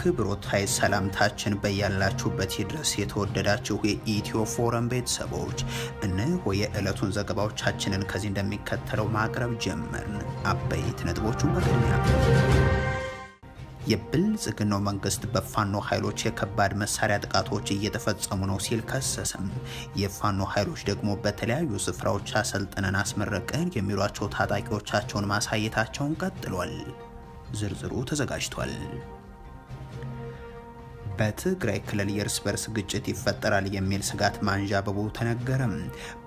አክብሮታይ ሰላምታችን በያላችሁበት ድረስ የተወደዳችሁ የኢትዮ ፎረም ቤተሰቦች እነሆ የዕለቱን ዘገባዎቻችንን ከዚህ እንደሚከተለው ማቅረብ ጀመርን። አበይት ነጥቦቹን በቅድሚያ የብልጽግናው መንግስት በፋኖ ኃይሎች የከባድ መሳሪያ ጥቃቶች እየተፈጸሙ ነው ሲል ከሰሰም። የፋኖ ኃይሎች ደግሞ በተለያዩ ስፍራዎች አሰልጥነን አስመረቅን የሚሏቸው ታጣቂዎቻቸውን ማሳየታቸውን ቀጥሏል። ዝርዝሩ ተዘጋጅቷል። በትግራይ ክልል የእርስ በርስ ግጭት ይፈጠራል የሚል ስጋት ማንዣበቡ ተነገረም።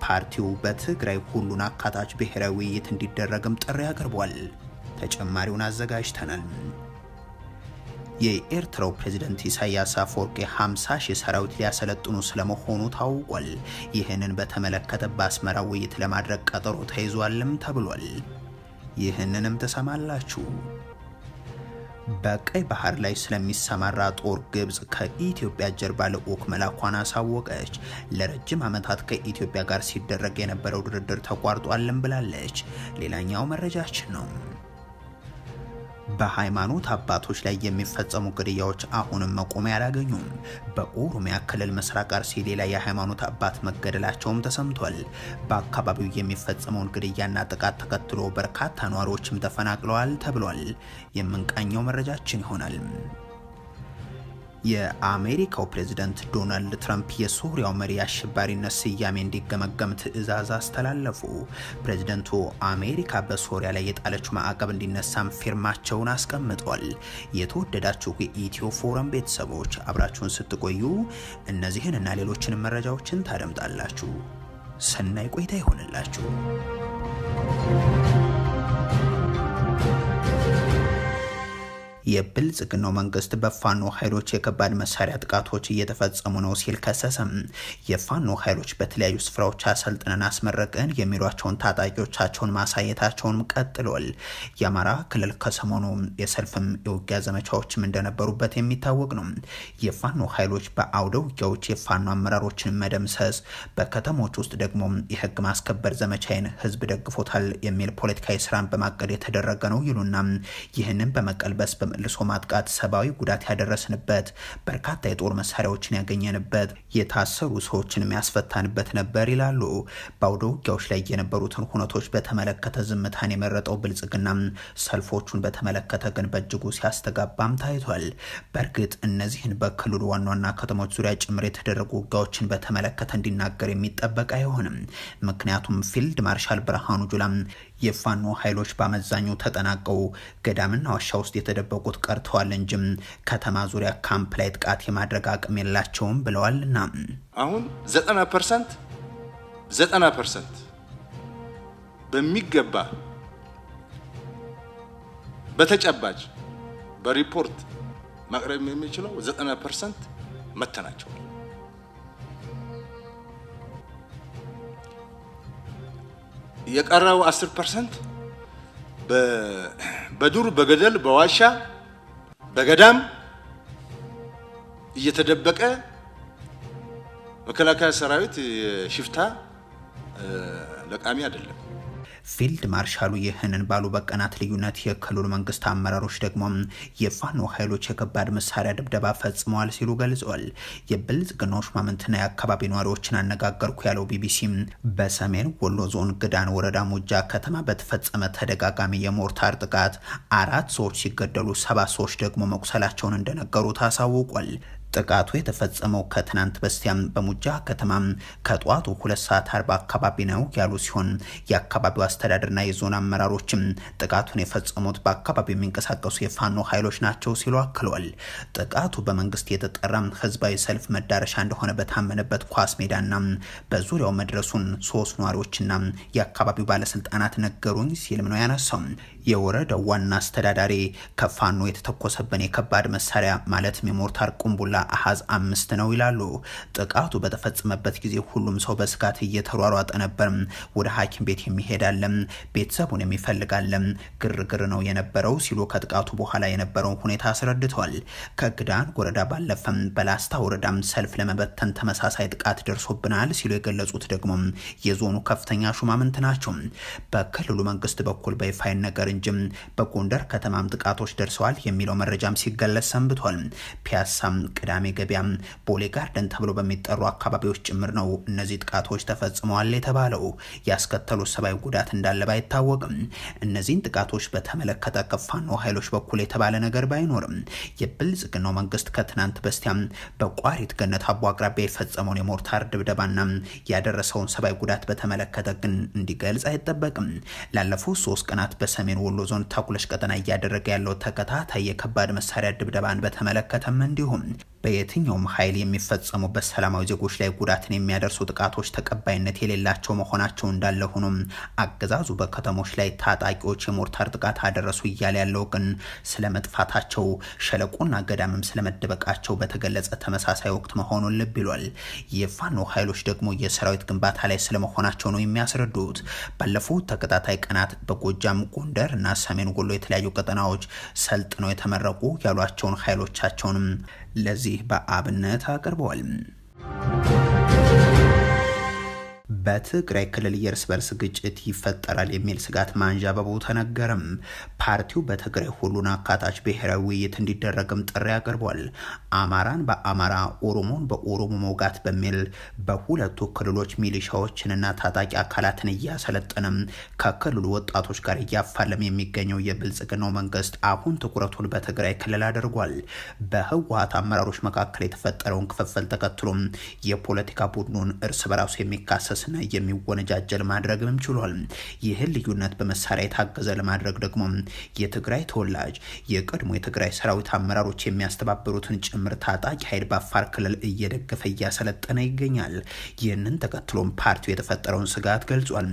ፓርቲው በትግራይ ሁሉን አካታች ብሔራዊ ውይይት እንዲደረግም ጥሪ አቅርቧል። ተጨማሪውን አዘጋጅተናል። የኤርትራው ፕሬዝደንት ኢሳያስ አፈወርቂ 50 ሺህ ሰራዊት ሊያሰለጥኑ ስለመሆኑ ታውቋል። ይህንን በተመለከተ በአስመራ ውይይት ለማድረግ ቀጠሮ ተይዟልም ተብሏል። ይህንንም ትሰማላችሁ። በቀይ ባህር ላይ ስለሚሰማራ ጦር ግብጽ ከኢትዮጵያ ጀርባ ልዑክ መላኳን አሳወቀች። ለረጅም ዓመታት ከኢትዮጵያ ጋር ሲደረግ የነበረው ድርድር ተቋርጧልን ብላለች። ሌላኛው መረጃችን ነው። በሃይማኖት አባቶች ላይ የሚፈጸሙ ግድያዎች አሁንም መቆሚያ አላገኙም። በኦሮሚያ ክልል ምስራቅ አርሲ ሌላ የሃይማኖት አባት መገደላቸውም ተሰምቷል። በአካባቢው የሚፈጸመውን ግድያና ጥቃት ተከትሎ በርካታ ነዋሪዎችም ተፈናቅለዋል ተብሏል። የምንቃኘው መረጃችን ይሆናል። የአሜሪካው ፕሬዝደንት ዶናልድ ትራምፕ የሶሪያው መሪ አሸባሪነት ስያሜ እንዲገመገም ትዕዛዝ አስተላለፉ። ፕሬዝደንቱ አሜሪካ በሶሪያ ላይ የጣለችው ማዕቀብ እንዲነሳም ፊርማቸውን አስቀምጧል። የተወደዳችሁ የኢትዮ ፎረም ቤተሰቦች አብራችሁን ስትቆዩ እነዚህን እና ሌሎችንም መረጃዎችን ታደምጣላችሁ። ሰናይ ቆይታ ይሆንላችሁ። የብልጽግናው መንግስት በፋኖ ኃይሎች የከባድ መሳሪያ ጥቃቶች እየተፈጸሙ ነው ሲል ከሰሰም። የፋኖ ኃይሎች በተለያዩ ስፍራዎች አሰልጥነን አስመረቅን የሚሏቸውን ታጣቂዎቻቸውን ማሳየታቸውንም ቀጥሏል። የአማራ ክልል ከሰሞኑ የሰልፍም የውጊያ ዘመቻዎችም እንደነበሩበት የሚታወቅ ነው። የፋኖ ኃይሎች በአውደ ውጊያዎች የፋኖ አመራሮችን መደምሰስ፣ በከተሞች ውስጥ ደግሞ የህግ ማስከበር ዘመቻይን ህዝብ ደግፎታል የሚል ፖለቲካዊ ስራን በማቀድ የተደረገ ነው ይሉና ይህንን በመቀልበስ መልሶ ማጥቃት ሰብአዊ ጉዳት ያደረስንበት፣ በርካታ የጦር መሳሪያዎችን ያገኘንበት፣ የታሰሩ ሰዎችን ያስፈታንበት ነበር ይላሉ። በአውደ ውጊያዎች ላይ የነበሩትን ሁነቶች በተመለከተ ዝምታን የመረጠው ብልጽግና ሰልፎቹን በተመለከተ ግን በእጅጉ ሲያስተጋባም ታይቷል። በእርግጥ እነዚህን በክልሉ ዋና ዋና ከተሞች ዙሪያ ጭምር የተደረጉ ውጊያዎችን በተመለከተ እንዲናገር የሚጠበቅ አይሆንም። ምክንያቱም ፊልድ ማርሻል ብርሃኑ ጁላ የፋኖ ኃይሎች በአመዛኙ ተጠናቀው ገዳምና ዋሻ ውስጥ የተደበቁት ቀርተዋል እንጂም ከተማ ዙሪያ ካምፕ ላይ ጥቃት የማድረግ አቅም የላቸውም ብለዋልና አሁን ዘጠና ፐርሰንት ዘጠና ፐርሰንት በሚገባ በተጨባጭ በሪፖርት ማቅረብ የሚችለው ዘጠና ፐርሰንት መተናቸዋል። የቀረው 10% በዱር በገደል በዋሻ በገዳም እየተደበቀ መከላከያ ሰራዊት ሽፍታ ለቃሚ አይደለም። ፊልድ ማርሻሉ ይህንን ባሉ በቀናት ልዩነት የክልሉ መንግስት አመራሮች ደግሞ የፋኖ ኃይሎች የከባድ መሳሪያ ድብደባ ፈጽመዋል ሲሉ ገልጸዋል። የብልጽግናዎች ማመንትና የአካባቢ ነዋሪዎችን አነጋገርኩ ያለው ቢቢሲ በሰሜን ወሎ ዞን ግዳን ወረዳ ሙጃ ከተማ በተፈጸመ ተደጋጋሚ የሞርታር ጥቃት አራት ሰዎች ሲገደሉ ሰባት ሰዎች ደግሞ መቁሰላቸውን እንደነገሩ ታሳውቋል። ጥቃቱ የተፈጸመው ከትናንት በስቲያም በሙጃ ከተማ ከጠዋቱ ሁለት ሰዓት አርባ አካባቢ ነው ያሉ ሲሆን የአካባቢው አስተዳደርና የዞን አመራሮችም ጥቃቱን የፈጸሙት በአካባቢው የሚንቀሳቀሱ የፋኖ ኃይሎች ናቸው ሲሉ አክለዋል። ጥቃቱ በመንግስት የተጠራ ህዝባዊ ሰልፍ መዳረሻ እንደሆነ በታመነበት ኳስ ሜዳና በዙሪያው መድረሱን ሶስት ነዋሪዎችና የአካባቢው ባለስልጣናት ነገሩኝ ሲልም ነው ያነሳው። የወረዳው ዋና አስተዳዳሪ ከፋኖ የተተኮሰብን የከባድ መሳሪያ ማለትም የሞርታር ቁምቡላ አሃዝ አምስት ነው ይላሉ። ጥቃቱ በተፈጸመበት ጊዜ ሁሉም ሰው በስጋት እየተሯሯጠ ነበር። ወደ ሐኪም ቤት የሚሄዳለም፣ ቤተሰቡን የሚፈልጋለም፣ ግርግር ነው የነበረው ሲሉ ከጥቃቱ በኋላ የነበረውን ሁኔታ አስረድተዋል። ከግዳን ወረዳ ባለፈም በላስታ ወረዳም ሰልፍ ለመበተን ተመሳሳይ ጥቃት ደርሶብናል ሲሉ የገለጹት ደግሞ የዞኑ ከፍተኛ ሹማምንት ናቸው። በክልሉ መንግስት በኩል በይፋ ነገር እንጂም በጎንደር ከተማም ጥቃቶች ደርሰዋል የሚለው መረጃም ሲገለጽ ሰንብቷል። ፒያሳም፣ ቅዳሜ ገበያም፣ ቦሌ ጋርደን ተብሎ በሚጠሩ አካባቢዎች ጭምር ነው እነዚህ ጥቃቶች ተፈጽመዋል የተባለው። ያስከተሉ ሰብአዊ ጉዳት እንዳለ ባይታወቅም እነዚህን ጥቃቶች በተመለከተ ከፋኖ ኃይሎች በኩል የተባለ ነገር ባይኖርም የብልጽግናው መንግስት ከትናንት በስቲያም በቋሪት ገነት አቦ አቅራቢያ የፈጸመውን የሞርታር ድብደባና ያደረሰውን ሰብአዊ ጉዳት በተመለከተ ግን እንዲገልጽ አይጠበቅም። ላለፉት ሶስት ቀናት በሰሜን ወሎ ዞን ተኩለሽ ቀጠና እያደረገ ያለው ተከታታይ የከባድ መሳሪያ ድብደባን በተመለከተም እንዲሁም በየትኛውም ኃይል የሚፈጸሙ ሰላማዊ ዜጎች ላይ ጉዳትን የሚያደርሱ ጥቃቶች ተቀባይነት የሌላቸው መሆናቸው እንዳለ ሆኖም አገዛዙ በከተሞች ላይ ታጣቂዎች የሞርታር ጥቃት አደረሱ እያለ ያለው ግን ስለመጥፋታቸው ሸለቆና ገዳምም ስለመደበቃቸው በተገለጸ ተመሳሳይ ወቅት መሆኑን ልብ ይሏል። የፋኖ ኃይሎች ደግሞ የሰራዊት ግንባታ ላይ ስለመሆናቸው ነው የሚያስረዱት። ባለፉት ተከታታይ ቀናት በጎጃም ጎንደር እና ሰሜን ወሎ የተለያዩ ቀጠናዎች ሰልጥነው የተመረቁ ያሏቸውን ኃይሎቻቸውንም ለዚህ በአብነት አቅርበዋል። በትግራይ ክልል የእርስ በርስ ግጭት ይፈጠራል የሚል ስጋት ማንዣበቡ ተነገረም። ፓርቲው በትግራይ ሁሉን አካታች ብሔራዊ ውይይት እንዲደረግም ጥሪ አቅርቧል። አማራን በአማራ ኦሮሞን በኦሮሞ መውጋት በሚል በሁለቱ ክልሎች ሚሊሻዎችንና ታጣቂ አካላትን እያሰለጠነም ከክልሉ ወጣቶች ጋር እያፋለም የሚገኘው የብልጽግናው መንግስት አሁን ትኩረቱን በትግራይ ክልል አድርጓል። በህወሀት አመራሮች መካከል የተፈጠረውን ክፍፍል ተከትሎም የፖለቲካ ቡድኑን እርስ በራሱ የሚካሰ የሚዳሰስና የሚወነጃጀል ማድረግም ችሏል። ይህን ልዩነት በመሳሪያ የታገዘ ለማድረግ ደግሞ የትግራይ ተወላጅ የቀድሞ የትግራይ ሰራዊት አመራሮች የሚያስተባብሩትን ጭምር ታጣቂ ኃይል በአፋር ክልል እየደገፈ እያሰለጠነ ይገኛል። ይህንን ተከትሎም ፓርቲው የተፈጠረውን ስጋት ገልጿል።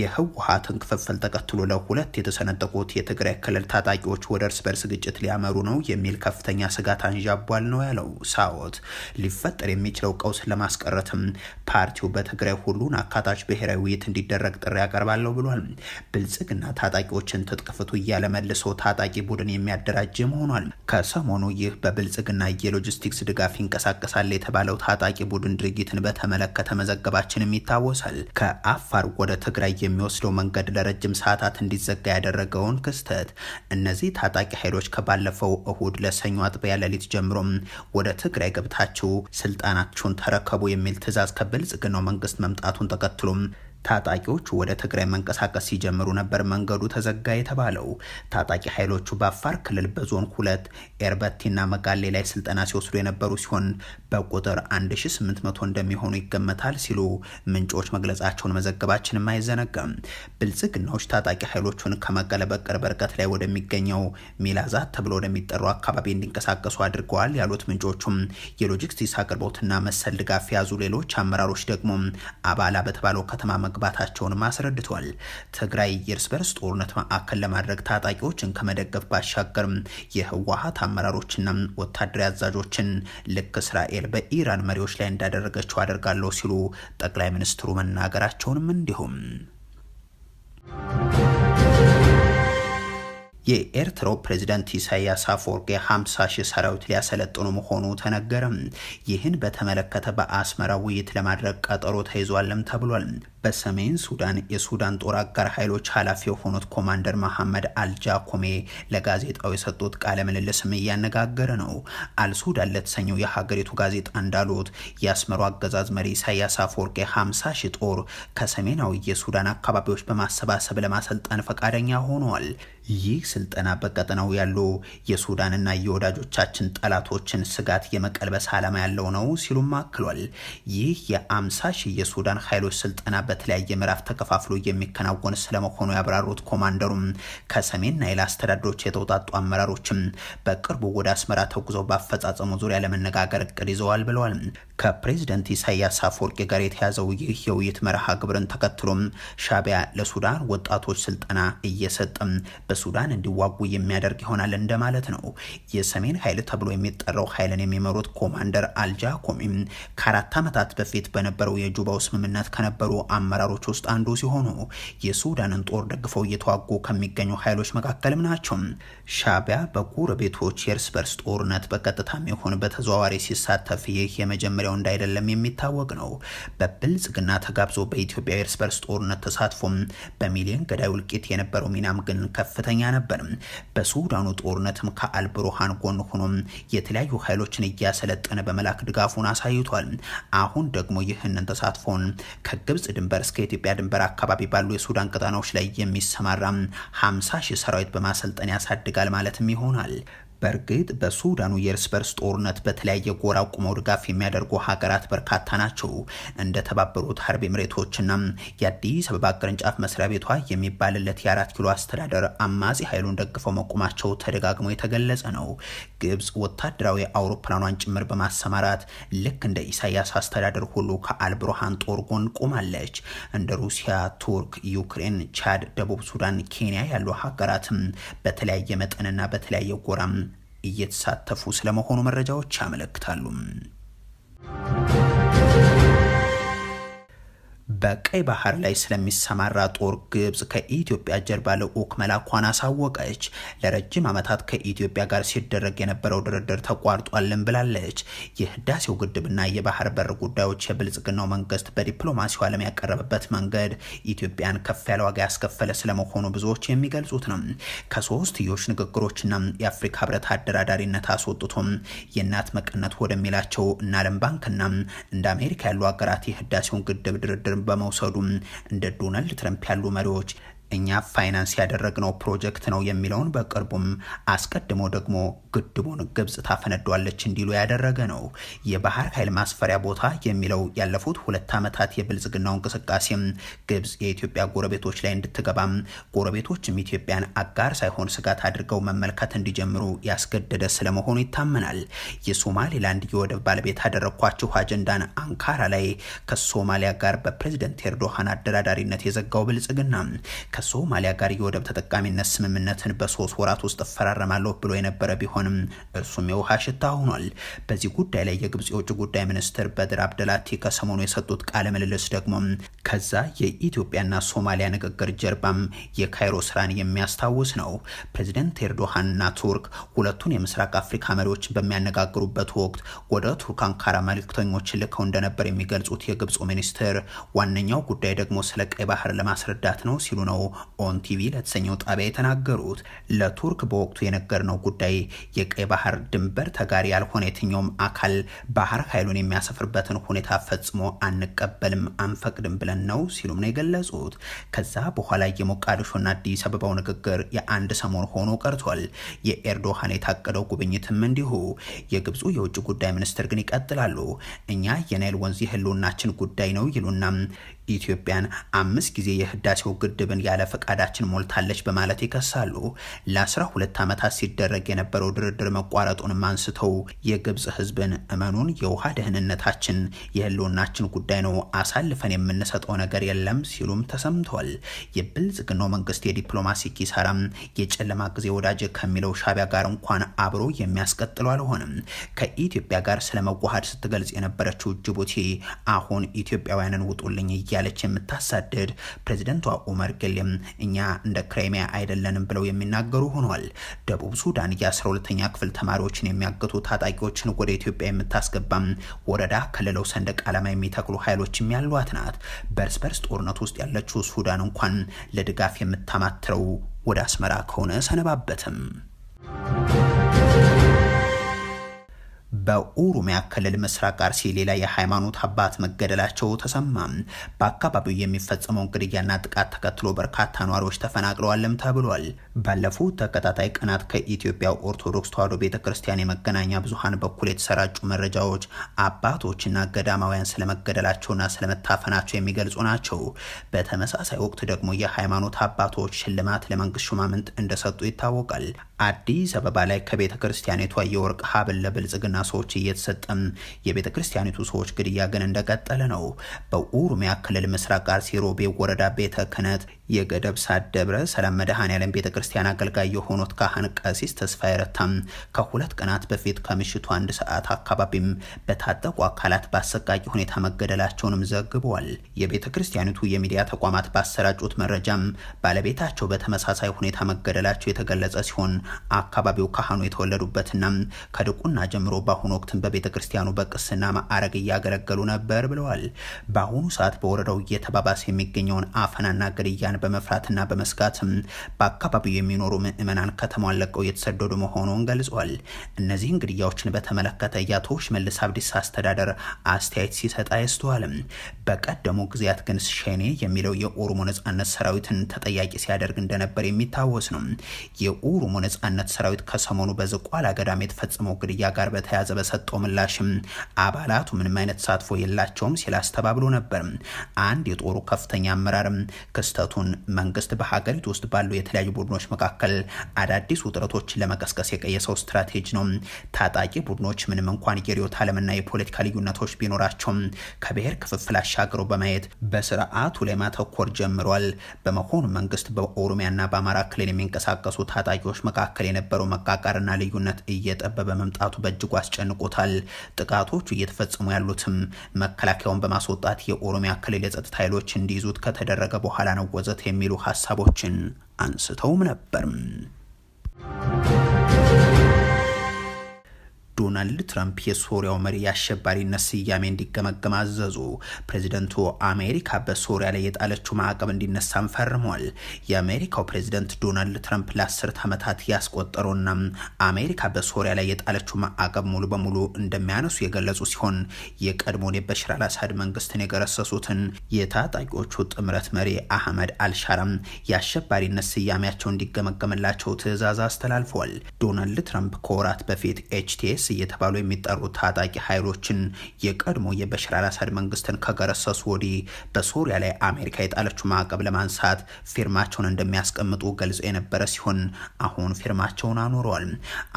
የህወሀትን ክፍፍል ተከትሎ ለሁለት የተሰነጠቁት የትግራይ ክልል ታጣቂዎች ወደ እርስ በርስ ግጭት ሊያመሩ ነው የሚል ከፍተኛ ስጋት አንዣቧል ነው ያለው። ሳዎት ሊፈጠር የሚችለው ቀውስ ለማስቀረትም ፓርቲው በትግራይ ሁሉ ሁሉን አካታች ብሔራዊ ውይይት እንዲደረግ ጥሪ ያቀርባለሁ ብሏል። ብልጽግና ታጣቂዎችን ትጥቅ ፍቱ እያለ መልሶ ታጣቂ ቡድን የሚያደራጅ መሆኗል። ከሰሞኑ ይህ በብልጽግና የሎጂስቲክስ ድጋፍ ይንቀሳቀሳል የተባለው ታጣቂ ቡድን ድርጊትን በተመለከተ መዘገባችንም ይታወሳል። ከአፋር ወደ ትግራይ የሚወስደው መንገድ ለረጅም ሰዓታት እንዲዘጋ ያደረገውን ክስተት እነዚህ ታጣቂ ኃይሎች ከባለፈው እሁድ ለሰኞ አጥቢያ ሌሊት ጀምሮም ወደ ትግራይ ገብታችሁ ስልጣናችሁን ተረከቡ የሚል ትዕዛዝ ከብልጽግናው መንግስት መምጣቱ መውጣቱን ተከትሎም ታጣቂዎች ወደ ትግራይ መንቀሳቀስ ሲጀምሩ ነበር መንገዱ ተዘጋ የተባለው። ታጣቂ ኃይሎቹ በአፋር ክልል በዞን ሁለት ኤርበቲና መጋሌ ላይ ስልጠና ሲወስዱ የነበሩ ሲሆን በቁጥር 1800 እንደሚሆኑ ይገመታል ሲሉ ምንጮች መግለጻቸውን መዘገባችንም አይዘነጋም። ብልጽግናዎች ታጣቂ ኃይሎቹን ከመቀለ በቅርብ ርቀት ላይ ወደሚገኘው ሚላዛት ተብሎ ወደሚጠራው አካባቢ እንዲንቀሳቀሱ አድርገዋል ያሉት ምንጮቹም የሎጂስቲክስ አቅርቦትና መሰል ድጋፍ የያዙ ሌሎች አመራሮች ደግሞ አባላ በተባለው ከተማ መግባታቸውንም አስረድቷል። ትግራይ የእርስ በርስ ጦርነት ማዕከል ለማድረግ ታጣቂዎችን ከመደገፍ ባሻገርም የህወሀት አመራሮችና ወታደራዊ አዛዦችን ልክ እስራኤል በኢራን መሪዎች ላይ እንዳደረገችው አደርጋለሁ ሲሉ ጠቅላይ ሚኒስትሩ መናገራቸውንም እንዲሁም የኤርትራው ፕሬዚደንት ኢሳያስ አፈወርቂ የ50 ሺህ ሰራዊት ሊያሰለጥኑ መሆኑ ተነገረም። ይህን በተመለከተ በአስመራ ውይይት ለማድረግ ቀጠሮ ተይዟልም ተብሏል። በሰሜን ሱዳን የሱዳን ጦር አጋር ኃይሎች ኃላፊ የሆኑት ኮማንደር መሐመድ አልጃኮሜ ለጋዜጣው የሰጡት ቃለ ምልልስም እያነጋገረ ነው። አልሱዳን ለተሰኘው የሀገሪቱ ጋዜጣ እንዳሉት የአስመሩ አገዛዝ መሪ ኢሳያስ አፈወርቂ 50 ሺህ ጦር ከሰሜናዊ የሱዳን አካባቢዎች በማሰባሰብ ለማሰልጠን ፈቃደኛ ሆነዋል። ይህ ስልጠና በቀጠናው ያሉ የሱዳንና የወዳጆቻችን ጠላቶችን ስጋት የመቀልበስ ዓላማ ያለው ነው ሲሉም አክሏል። ይህ የአምሳ ሺህ የሱዳን ኃይሎች ስልጠና በተለያየ ምዕራፍ ተከፋፍሎ የሚከናወን ስለመሆኑ ያብራሩት ኮማንደሩም ከሰሜን ናይል አስተዳደሮች የተውጣጡ አመራሮችም በቅርቡ ወደ አስመራ ተጉዘው በአፈጻጸሙ ዙሪያ ለመነጋገር እቅድ ይዘዋል ብለዋል። ከፕሬዚደንት ኢሳያስ አፈወርቂ ጋር የተያዘው ይህ የውይይት መርሃ ግብርን ተከትሎም ሻቢያ ለሱዳን ወጣቶች ስልጠና እየሰጠም በሱዳን እንዲዋጉ የሚያደርግ ይሆናል እንደማለት ነው። የሰሜን ኃይል ተብሎ የሚጠራው ኃይልን የሚመሩት ኮማንደር አልጃ ከአራት ዓመታት በፊት በነበረው የጁባው ስምምነት ከነበሩ አመራሮች ውስጥ አንዱ ሲሆኑ የሱዳንን ጦር ደግፈው እየተዋጉ ከሚገኙ ኃይሎች መካከልም ናቸው። ሻቢያ በጎረቤቶች የእርስ በርስ ጦርነት በቀጥታም ይሁን በተዘዋዋሪ ሲሳተፍ ይህ የመጀመሪያው እንዳይደለም የሚታወቅ ነው። በብልጽግና ተጋብዞ በኢትዮጵያ የእርስ በርስ ጦርነት ተሳትፎም በሚሊዮን ገዳይ ውልቂት የነበረው ሚናም ግን ከፍ ከፍተኛ ነበር። በሱዳኑ ጦርነትም ከአልብሩሃን ጎን ሆኖም የተለያዩ ኃይሎችን እያሰለጠነ በመላክ ድጋፉን አሳይቷል። አሁን ደግሞ ይህንን ተሳትፎን ከግብፅ ድንበር እስከ ኢትዮጵያ ድንበር አካባቢ ባሉ የሱዳን ቀጣናዎች ላይ የሚሰማራ 50 ሺህ ሰራዊት በማሰልጠን ያሳድጋል ማለትም ይሆናል። በእርግጥ በሱዳኑ የእርስ በርስ ጦርነት በተለያየ ጎራ ቁመው ድጋፍ የሚያደርጉ ሀገራት በርካታ ናቸው። እንደተባበሩት አረብ ኤምሬቶችና የአዲስ አበባ ቅርንጫፍ መስሪያ ቤቷ የሚባልለት የአራት ኪሎ አስተዳደር አማጺ ኃይሉን ደግፈው መቆማቸው ተደጋግሞ የተገለጸ ነው። ግብጽ ወታደራዊ አውሮፕላኗን ጭምር በማሰማራት ልክ እንደ ኢሳያስ አስተዳደር ሁሉ ከአልብርሃን ጦር ጎን ቆማለች። እንደ ሩሲያ፣ ቱርክ፣ ዩክሬን፣ ቻድ፣ ደቡብ ሱዳን፣ ኬንያ ያሉ ሀገራትም በተለያየ መጠንና በተለያየ ጎራም እየተሳተፉ ስለመሆኑ መረጃዎች ያመለክታሉ። በቀይ ባህር ላይ ስለሚሰማራ ጦር ግብጽ ከኢትዮጵያ ጀርባ ልዑክ መላኳን አሳወቀች። ለረጅም ዓመታት ከኢትዮጵያ ጋር ሲደረግ የነበረው ድርድር ተቋርጧልን ብላለች። የህዳሴው ግድብና የባህር በር ጉዳዮች የብልጽግናው መንግስት በዲፕሎማሲው ዓለም ያቀረበበት መንገድ ኢትዮጵያን ከፍ ያለ ዋጋ ያስከፈለ ስለመሆኑ ብዙዎች የሚገልጹት ነው። ከሶስትዮሽ ንግግሮችና የአፍሪካ ህብረት አደራዳሪነት አስወጥቶም የእናት መቀነት ወደሚላቸው እነ ዓለም ባንክና እንደ አሜሪካ ያሉ ሀገራት የህዳሴውን ግድብ ድርድር በመውሰዱም እንደ ዶናልድ ትረምፕ ያሉ መሪዎች እኛ ፋይናንስ ያደረግነው ፕሮጀክት ነው የሚለውን በቅርቡም አስቀድሞ ደግሞ ግድቡን ግብጽ ታፈነዷለች እንዲሉ ያደረገ ነው። የባህር ኃይል ማስፈሪያ ቦታ የሚለው ያለፉት ሁለት ዓመታት የብልጽግናው እንቅስቃሴም ግብጽ የኢትዮጵያ ጎረቤቶች ላይ እንድትገባም ጎረቤቶችም ኢትዮጵያን አጋር ሳይሆን ስጋት አድርገው መመልከት እንዲጀምሩ ያስገደደ ስለመሆኑ ይታመናል። የሶማሌላንድ የወደብ ባለቤት ያደረግኳችሁ አጀንዳን አንካራ ላይ ከሶማሊያ ጋር በፕሬዝደንት ኤርዶሃን አደራዳሪነት የዘጋው ብልጽግና ከሶማሊያ ጋር የወደብ ተጠቃሚነት ስምምነትን በሶስት ወራት ውስጥ እፈራረማለሁ ብሎ የነበረ ቢሆንም እሱም የውሃ ሽታ ሆኗል። በዚህ ጉዳይ ላይ የግብጽ የውጭ ጉዳይ ሚኒስትር በድር አብደላቲ ከሰሞኑ የሰጡት ቃለ ምልልስ ደግሞ ከዛ የኢትዮጵያና ሶማሊያ ንግግር ጀርባም የካይሮ ስራን የሚያስታውስ ነው። ፕሬዚደንት ኤርዶሃንና ቱርክ ሁለቱን የምስራቅ አፍሪካ መሪዎችን በሚያነጋግሩበት ወቅት ወደ ቱርክ አንካራ መልክተኞችን ልከው እንደነበር የሚገልጹት የግብፁ ሚኒስትር ዋነኛው ጉዳይ ደግሞ ስለ ቀይ ባህር ለማስረዳት ነው ሲሉ ነው ኦን ቲቪ ለተሰኘው ጣቢያ የተናገሩት ለቱርክ በወቅቱ የነገርነው ጉዳይ የቀይ ባህር ድንበር ተጋሪ ያልሆነ የትኛውም አካል ባህር ኃይሉን የሚያሰፍርበትን ሁኔታ ፈጽሞ አንቀበልም፣ አንፈቅድም ብለን ነው ሲሉም ነው የገለጹት። ከዛ በኋላ የሞቃዲሾና አዲስ አበባው ንግግር የአንድ ሰሞን ሆኖ ቀርቷል። የኤርዶሃን የታቀደው ጉብኝትም እንዲሁ። የግብፁ የውጭ ጉዳይ ሚኒስትር ግን ይቀጥላሉ። እኛ የናይል ወንዝ የህልውናችን ጉዳይ ነው ይሉና ኢትዮጵያን አምስት ጊዜ የህዳሴው ግድብን ያለ ፈቃዳችን ሞልታለች በማለት ይከሳሉ። ለአስራ ሁለት ዓመታት ሲደረግ የነበረው ድርድር መቋረጡንም አንስተው የግብፅ ህዝብን እመኑን የውሃ ደህንነታችን የህልውናችን ጉዳይ ነው፣ አሳልፈን የምንሰጠው ነገር የለም ሲሉም ተሰምተል። የብልጽግናው መንግስት የዲፕሎማሲ ኪሳራም የጨለማ ጊዜ ወዳጅ ከሚለው ሻቢያ ጋር እንኳን አብሮ የሚያስቀጥሉ አልሆንም። ከኢትዮጵያ ጋር ስለመዋሃድ ስትገልጽ የነበረችው ጅቡቲ አሁን ኢትዮጵያውያንን ውጡልኝ እያለች የምታሳድድ ፕሬዚደንቷ ኡመር ግሌም እኛ እንደ ክሬሚያ አይደለንም ብለው የሚናገሩ ሆኗል። ደቡብ ሱዳን የ12ተኛ ክፍል ተማሪዎችን የሚያግቱ ታጣቂዎችን ወደ ኢትዮጵያ የምታስገባም ወረዳ ከሌለው ሰንደቅ ዓላማ የሚተክሉ ኃይሎችም ያሏት ናት። በርስ በርስ ጦርነት ውስጥ ያለችው ሱዳን እንኳን ለድጋፍ የምታማትረው ወደ አስመራ ከሆነ ሰነባበትም። በኦሮሚያ ክልል ምስራቅ አርሲ ሌላ የሃይማኖት አባት መገደላቸው ተሰማ። በአካባቢው የሚፈጸመውን ግድያና ጥቃት ተከትሎ በርካታ ነዋሪዎች ተፈናቅለዋልም ተብሏል። ባለፉት ተከታታይ ቀናት ከኢትዮጵያ ኦርቶዶክስ ተዋሕዶ ቤተ ክርስቲያን የመገናኛ ብዙኃን በኩል የተሰራጩ መረጃዎች አባቶችና ገዳማውያን ስለመገደላቸውና ስለመታፈናቸው የሚገልጹ ናቸው። በተመሳሳይ ወቅት ደግሞ የሃይማኖት አባቶች ሽልማት ለመንግስት ሹማምንት እንደሰጡ ይታወቃል። አዲስ አበባ ላይ ከቤተ ክርስቲያኒቷ የወርቅ ሀብል ለብልጽግና ሰዎች እየተሰጠም የቤተ ክርስቲያኒቱ ሰዎች ግድያ ግን እንደቀጠለ ነው። በኦሮሚያ ክልል ምስራቅ አርሲ ሮቤ ወረዳ ቤተ ክህነት የገደብሳት ደብረ ሰላም መድኃኔዓለም ቤተ ክርስቲያን አገልጋይ የሆኑት ካህን ቀሲስ ተስፋዬ ረታም ከሁለት ቀናት በፊት ከምሽቱ አንድ ሰዓት አካባቢም በታጠቁ አካላት በአሰቃቂ ሁኔታ መገደላቸውንም ዘግበዋል። የቤተ ክርስቲያኒቱ የሚዲያ ተቋማት ባሰራጩት መረጃም ባለቤታቸው በተመሳሳይ ሁኔታ መገደላቸው የተገለጸ ሲሆን አካባቢው ካህኑ የተወለዱበትና ከድቁና ጀምሮ በአሁኑ ወቅትም በቤተ ክርስቲያኑ በቅስና ማዕረግ እያገለገሉ ነበር ብለዋል። በአሁኑ ሰዓት በወረዳው እየተባባሰ የሚገኘውን አፈናና ግድያ አደጋን በመፍራትና በመስጋትም በአካባቢው የሚኖሩ ምዕመናን ከተማዋን ለቀው የተሰደዱ መሆኑን ገልጿል። እነዚህን ግድያዎችን በተመለከተ የአቶ ሽመልስ አብዲሳ አስተዳደር አስተያየት ሲሰጥ አይስተዋልም። በቀደሙ ጊዜያት ግን ሸኔ የሚለው የኦሮሞ ነጻነት ሰራዊትን ተጠያቂ ሲያደርግ እንደነበር የሚታወስ ነው። የኦሮሞ ነጻነት ሰራዊት ከሰሞኑ በዝቋላ ገዳም የተፈጸመው ግድያ ጋር በተያያዘ በሰጠው ምላሽም አባላቱ ምንም አይነት ተሳትፎ የላቸውም ሲል አስተባብሎ ነበር። አንድ የጦሩ ከፍተኛ አመራርም ክስተቱን ሲሆን መንግስት በሀገሪቱ ውስጥ ባሉ የተለያዩ ቡድኖች መካከል አዳዲስ ውጥረቶችን ለመቀስቀስ የቀየሰው ስትራቴጂ ነው። ታጣቂ ቡድኖች ምንም እንኳን የርዕዮተ ዓለምና የፖለቲካ ልዩነቶች ቢኖራቸውም ከብሔር ክፍፍል አሻግረው በማየት በስርዓቱ ላይ ማተኮር ጀምሯል። በመሆኑ መንግስት በኦሮሚያና በአማራ ክልል የሚንቀሳቀሱ ታጣቂዎች መካከል የነበረው መቃቃርና ልዩነት እየጠበበ መምጣቱ በእጅጉ አስጨንቆታል። ጥቃቶቹ እየተፈጸሙ ያሉትም መከላከያውን በማስወጣት የኦሮሚያ ክልል የጸጥታ ኃይሎች እንዲይዙት ከተደረገ በኋላ ነው ወዘ ይዘት የሚሉ ሀሳቦችን አንስተውም ነበርም። ዶናልድ ትራምፕ የሶሪያው መሪ የአሸባሪነት ስያሜ እንዲገመገም አዘዙ። ፕሬዚደንቱ አሜሪካ በሶሪያ ላይ የጣለችው ማዕቀብ እንዲነሳም ፈርሟል። የአሜሪካው ፕሬዚደንት ዶናልድ ትራምፕ ለአስርት ዓመታት ያስቆጠረውና አሜሪካ በሶሪያ ላይ የጣለችው ማዕቀብ ሙሉ በሙሉ እንደሚያነሱ የገለጹ ሲሆን የቀድሞውን የበሽር አልአሳድ መንግስትን የገረሰሱትን የታጣቂዎቹ ጥምረት መሪ አህመድ አልሻራም የአሸባሪነት ስያሜያቸው እንዲገመገምላቸው ትዕዛዝ አስተላልፏል። ዶናልድ ትራምፕ ከወራት በፊት ኤችቲኤስ አይሲስ እየተባሉ የሚጠሩ ታጣቂ ኃይሎችን የቀድሞ የበሽር አልአሳድ መንግስትን ከገረሰሱ ወዲህ በሶሪያ ላይ አሜሪካ የጣለችው ማዕቀብ ለማንሳት ፊርማቸውን እንደሚያስቀምጡ ገልጸው የነበረ ሲሆን አሁን ፊርማቸውን አኑረዋል።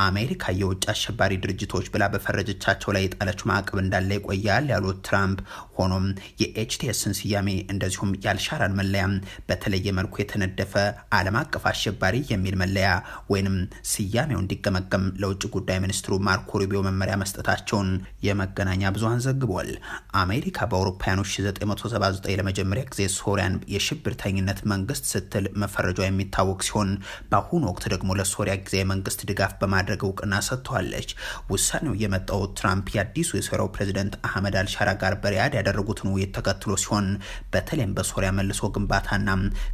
አሜሪካ የውጭ አሸባሪ ድርጅቶች ብላ በፈረጀቻቸው ላይ የጣለችው ማዕቀብ እንዳለ ይቆያል ያሉት ትራምፕ፣ ሆኖም የኤችቲኤስን ስያሜ እንደዚሁም የአልሻራን መለያ በተለየ መልኩ የተነደፈ ዓለም አቀፍ አሸባሪ የሚል መለያ ወይንም ስያሜው እንዲገመገም ለውጭ ጉዳይ ሚኒስትሩ ማርኮ ሩቢዮ መመሪያ መስጠታቸውን የመገናኛ ብዙሀን ዘግቧል። አሜሪካ በአውሮፓውያኑ 1979 ለመጀመሪያ ጊዜ ሶሪያን የሽብርተኝነት መንግስት ስትል መፈረጇ የሚታወቅ ሲሆን በአሁኑ ወቅት ደግሞ ለሶሪያ ጊዜያዊ መንግስት ድጋፍ በማድረግ እውቅና ሰጥተዋለች። ውሳኔው የመጣው ትራምፕ የአዲሱ የሶሪያው ፕሬዚደንት አህመድ አልሻራ ጋር በሪያድ ያደረጉትን ውይይት ተከትሎ ሲሆን በተለይም በሶሪያ መልሶ ግንባታና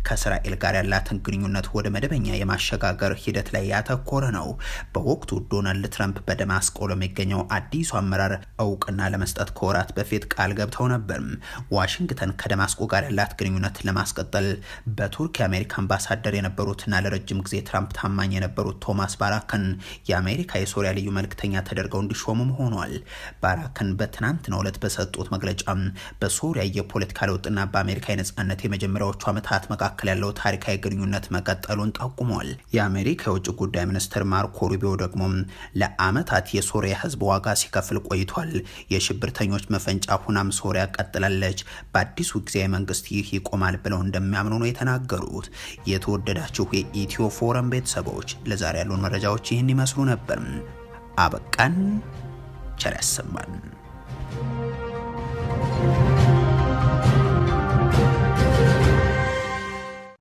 ከእስራኤል ጋር ያላትን ግንኙነት ወደ መደበኛ የማሸጋገር ሂደት ላይ ያተኮረ ነው። በወቅቱ ዶናልድ ትራምፕ በደማስ አስቆሎ የሚገኘው አዲሱ አመራር እውቅና ለመስጠት ከወራት በፊት ቃል ገብተው ነበር። ዋሽንግተን ከደማስቆ ጋር ያላት ግንኙነት ለማስቀጠል በቱርክ የአሜሪካ አምባሳደር የነበሩትና ለረጅም ጊዜ ትራምፕ ታማኝ የነበሩት ቶማስ ባራከን የአሜሪካ የሶሪያ ልዩ መልክተኛ ተደርገው እንዲሾሙም ሆኗል። ባራከን በትናንትናው ዕለት በሰጡት መግለጫ በሶሪያ የፖለቲካ ለውጥና በአሜሪካ የነጻነት የመጀመሪያዎቹ ዓመታት መካከል ያለው ታሪካዊ ግንኙነት መቀጠሉን ጠቁሟል። የአሜሪካ የውጭ ጉዳይ ሚኒስትር ማርኮ ሩቢዮ ደግሞ ለአመታት የሶሪያ ህዝብ ዋጋ ሲከፍል ቆይቷል። የሽብርተኞች መፈንጫ ሁናም ሶሪያ ቀጥላለች። በአዲሱ ጊዜያዊ መንግስት ይህ ይቆማል ብለው እንደሚያምኑ ነው የተናገሩት። የተወደዳችሁ የኢትዮ ፎረም ቤተሰቦች ለዛሬ ያሉን መረጃዎች ይህን ይመስሉ ነበር። አበቃን። ቸር ያሰማን።